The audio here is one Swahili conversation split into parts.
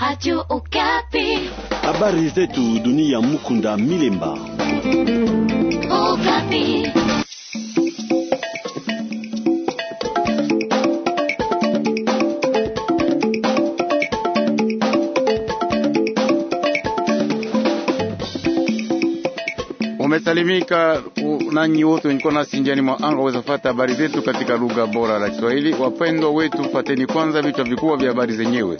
Radio Okapi. Habari zetu dunia. Mukunda Milemba. Okapi. Umesalimika nanyi wote wenye nasi sinjani mwa anga waweza fata habari zetu katika lugha bora la Kiswahili. Wapendwa wetu, fateni kwanza vichwa vikubwa vya habari zenyewe.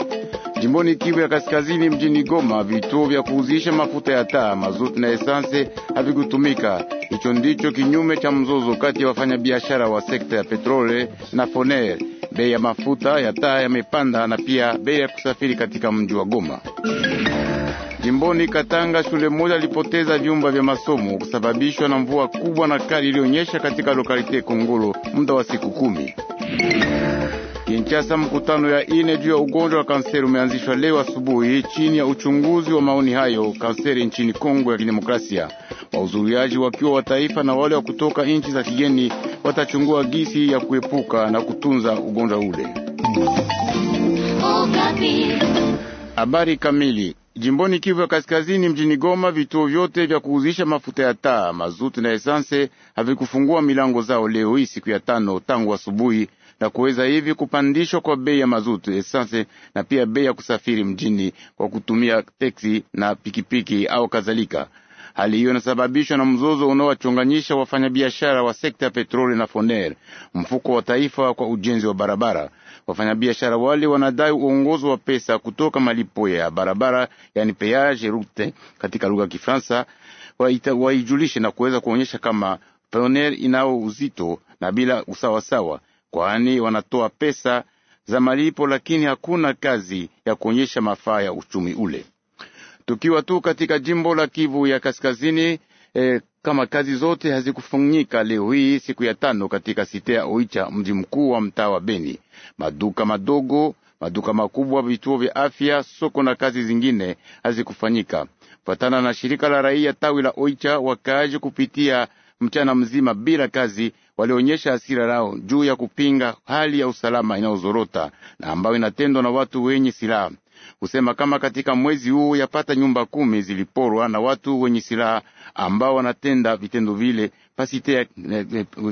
Jimboni Kivu ya Kaskazini, mjini Goma, vituo vya kuuzisha mafuta ya taa, mazuti na esanse havikutumika. Hicho ndicho kinyume cha mzozo kati ya wafanyabiashara wa sekta ya petrole na Foner. Bei ya mafuta ya taa yamepanda na pia bei ya kusafiri katika mji wa Goma. Jimboni Katanga, shule moja lipoteza vyumba vya masomo kusababishwa na mvua kubwa na kali iliyonyesha katika lokalite Kongolo muda wa siku kumi. Kinshasa, mkutano ya ine juu ya ugonjwa wa kanseri umeanzishwa leo asubuhi chini ya uchunguzi wa maoni hayo kanseri nchini Kongo ya Kidemokrasia. Wahudhuriaji wakiwa wa taifa na wale wa kutoka nchi za kigeni watachungua gisi ya kuepuka na kutunza ugonjwa ule. Habari kamili Jimboni Kivu ya Kaskazini, mjini Goma, vituo vyote vya kuuzisha mafuta ya taa, mazuti na esanse havikufungua milango zao leo hii siku ya tano tangu asubuhi, na kuweza hivi kupandishwa kwa bei ya mazutu, esanse na pia bei ya kusafiri mjini kwa kutumia teksi na pikipiki au kadhalika. Hali hiyo inasababishwa na mzozo unaowachonganyisha wafanyabiashara wa sekta ya petroli na Foner, mfuko wa taifa kwa ujenzi wa barabara. Wafanyabiashara wale wanadai uongozo wa pesa kutoka malipo ya barabara, yani peage route katika lugha ya Kifaransa, waijulishe na kuweza kuonyesha kama Foner inao uzito na bila usawasawa kwani wanatoa pesa za malipo, lakini hakuna kazi ya kuonyesha mafaa ya uchumi ule. Tukiwa tu katika jimbo la Kivu ya Kaskazini, eh, kama kazi zote hazikufanyika leo hii siku ya tano katika site ya Oicha, mji mkuu wa mtaa wa Beni, maduka madogo, maduka makubwa, vituo vya afya, soko na kazi zingine hazikufanyika. Fatana na shirika la raia tawi la Oicha, wakaaji kupitia mchana mzima bila kazi. Walionyesha hasira lao juu ya kupinga hali ya usalama inayozorota na ambayo inatendwa na watu wenye silaha. Kusema kama katika mwezi huu yapata nyumba kumi ziliporwa na watu wenye silaha ambao wanatenda vitendo vile pasite,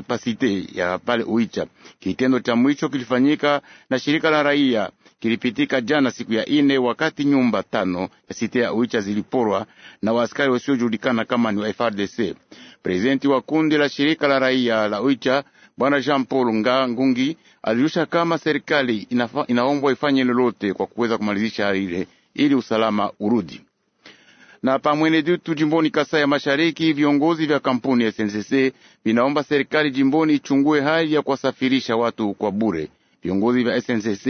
pasite ya pale Uicha. Kitendo cha mwisho kilifanyika na shirika la raia kilipitika jana siku ya ine, wakati nyumba tano ya site ya Uicha ziliporwa na waaskari wasiojulikana kama ni wa frdc Prezidenti wa kundi la shirika la raia la Uicha Bwana Jean Paul Nga Ngungi alilusha kama serikali inaombwa ifanye lolote kwa kuweza kumalizisha hali ile ili usalama urudi na dutu jimboni Kasai ya Mashariki, viongozi vya kampuni ya SNCC vinaomba serikali jimboni ichungue hali ya kuwasafirisha watu kwa bure. Viongozi vya SNCC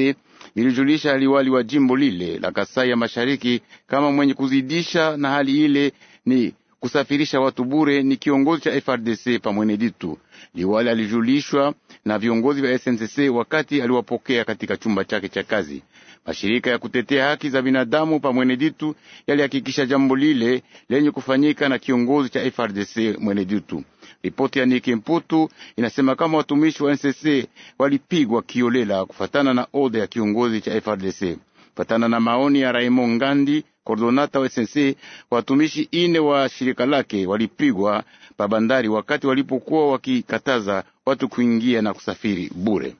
vilijulisha liwali wa jimbo lile la Kasai ya Mashariki kama mwenye kuzidisha na hali ile ni kusafirisha watu bure ni kiongozi cha FRDC pamweneditu. Liwali alijulishwa na viongozi vya SNCC wakati aliwapokea katika chumba chake cha kazi. Mashirika ya kutetea haki za binadamu pa Mweneditu yalihakikisha jambo lile lenye kufanyika na kiongozi cha FRDC Mweneditu. Ripoti ya Niki Mputu inasema kama watumishi wa NCC walipigwa kiolela kufatana na oda ya kiongozi cha FRDC. Kufatana na maoni ya Raymond Ngandi, kordonata wa SNC, watumishi ine wa shirika lake walipigwa pa bandari wakati walipokuwa wakikataza watu kuingia na kusafiri bure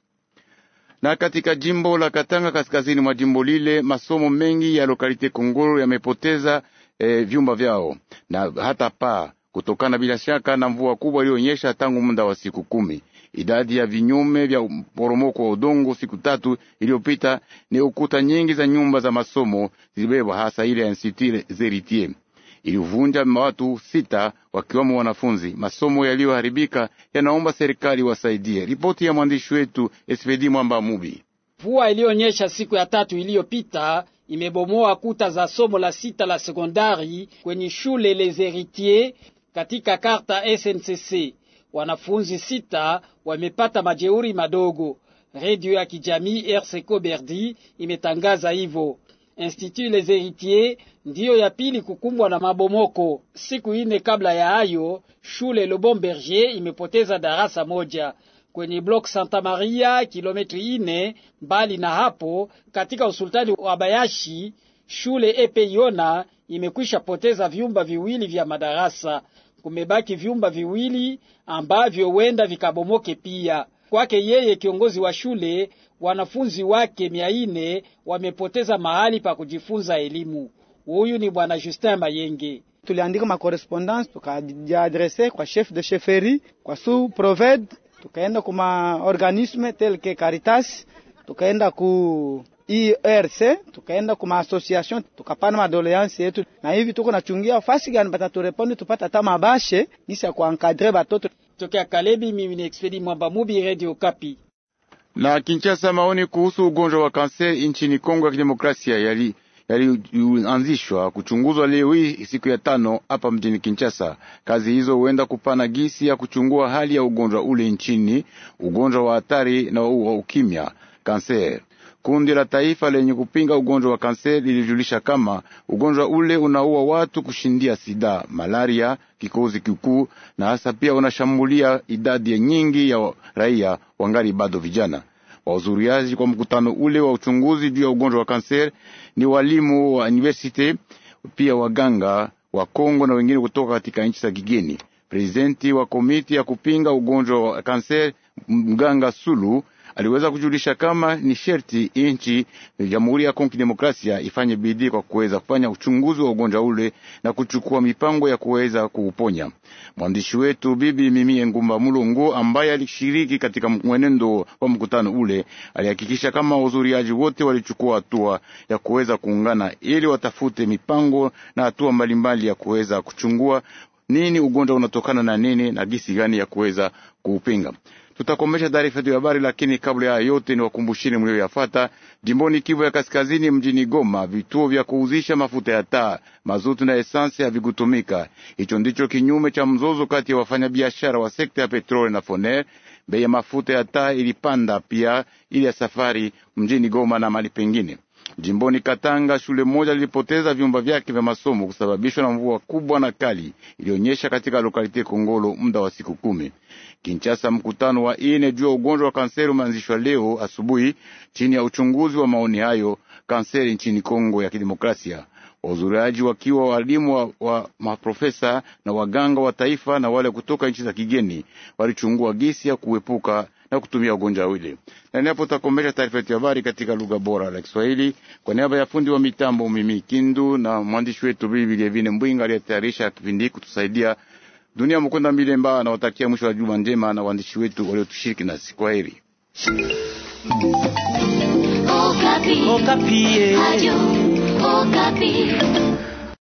na katika jimbo la Katanga kaskazini mwa jimbo lile masomo mengi ya lokalite Kongolo yamepoteza eh, vyumba vyao na hata paa kutokana bila shaka na mvua kubwa iliyoonyesha tangu muda wa siku kumi. Idadi ya vinyume vya poromoko wa udongo siku tatu iliyopita ni ukuta nyingi za nyumba za masomo zilibebwa, hasa ile ya Institut Zeritier ilivunja watu sita wakiwamo wanafunzi. Masomo yaliyoharibika yanaomba serikali wasaidie. Ripoti ya mwandishi wetu Espedi Mwamba Mubi. Mvua iliyonyesha siku ya tatu iliyopita imebomoa kuta za somo la sita la sekondari kwenye shule Les Heritiers katika karta SNCC. Wanafunzi sita wamepata majeuri madogo. Redio ya kijamii RCK Berdi imetangaza hivyo. Institut Les Héritiers ndiyo ya pili kukumbwa na mabomoko. Siku ine kabla ya hayo, shule Bon Berger imepoteza darasa moja kwenye blok Santa Maria, kilometri ine mbali na hapo, katika usultani wa Bayashi. Shule yona imekwisha poteza vyumba viwili vya madarasa. Kumebaki vyumba viwili ambavyo wenda vikabomoke pia. Kwake yeye, kiongozi wa shule, wanafunzi wake mia ine wamepoteza mahali pa kujifunza elimu. Huyu ni bwana Justin Mayenge. Tuliandika makorespondance tukajiadrese kwa chef de chefferie kwa sous proved, tukaenda kuma organisme tel que Caritas, tukaenda ku IRC tukaenda kuma association tukapana madoleansi yetu, na hivi tuko nachungia fasi gani batatureponde tupata hata mabashe nisi ya kuankadre batoto tokea Kalebi. Mimi ni Expedi Mwamba Mubi, Radio Kapi na Kinshasa, maoni kuhusu ugonjwa wa kanseri nchini Kongo ya Kidemokrasia yali yalianzishwa kuchunguzwa leo hii siku ya tano hapa mjini Kinshasa. Kazi hizo huenda kupana gisi ya kuchungua hali ya ugonjwa ule nchini, ugonjwa wa hatari na wa ukimya kanseri Kundi la taifa lenye kupinga ugonjwa wa kanseri lilijulisha kama ugonjwa ule unaua watu kushindia sida, malaria, kikozi kikuu na hasa pia unashambulia idadi nyingi ya raia wangali bado vijana. Wahudhuriaji kwa mkutano ule wa uchunguzi juu ya ugonjwa wa kanseri ni walimu wa university, pia waganga wa Kongo na wengine kutoka katika nchi za kigeni. Prezidenti wa komiti ya kupinga ugonjwa wa kanseri mganga Sulu aliweza kujulisha kama ni sherti nchi Jamhuri ya Kongo demokrasia ifanye bidii kwa kuweza kufanya uchunguzi wa ugonjwa ule na kuchukua mipango ya kuweza kuuponya. Mwandishi wetu Bibi Mimie Ngumba Mulungu ambaye alishiriki katika mwenendo wa mkutano ule alihakikisha kama wahudhuriaji wote walichukua hatua ya kuweza kuungana ili watafute mipango na hatua mbalimbali ya kuweza kuchungua nini ugonjwa unatokana na nini na gisi gani ya kuweza kuupinga. Tutakomesha taarifa yetu ya habari, lakini kabla ya yote ni wakumbushini mlioyafata. Jimboni Kivu ya Kaskazini, mjini Goma, vituo vya kuuzisha mafuta ya taa, mazutu na esansi havikutumika. Hicho ndicho kinyume cha mzozo kati ya wafanyabiashara wa sekta ya petroli na Foner. Bei ya mafuta ya taa ilipanda pia ile ya safari mjini Goma na mali pengine. Jimboni Katanga, shule moja lilipoteza vyumba vyake vya masomo kusababishwa na mvua kubwa na kali ilionyesha katika lokalite Kongolo muda wa siku kumi. Kinchasa, mkutano wa ine juu ya ugonjwa wa kanseri umeanzishwa leo asubuhi chini ya uchunguzi wa maoni hayo kanseri nchini Kongo ya Kidemokrasia, wahudhuriaji wakiwa walimu wa, wa maprofesa na waganga wa taifa na wale kutoka nchi za kigeni walichungua gisi ya kuepuka na kutumia ugonjwa ule. Na niapo takomesha taarifa yetu ya habari katika lugha bora la Kiswahili, kwa niaba ya fundi wa mitambo mimi Kindu na mwandishi wetu Bibi Vilevine Mbwinga aliyetayarisha kipindi kutusaidia dunia Mukunda Milemba, anawatakia mwisho wa juma njema na waandishi wetu waliotushiriki nasi. Kwa heri. Okapi. Okapi. Eh.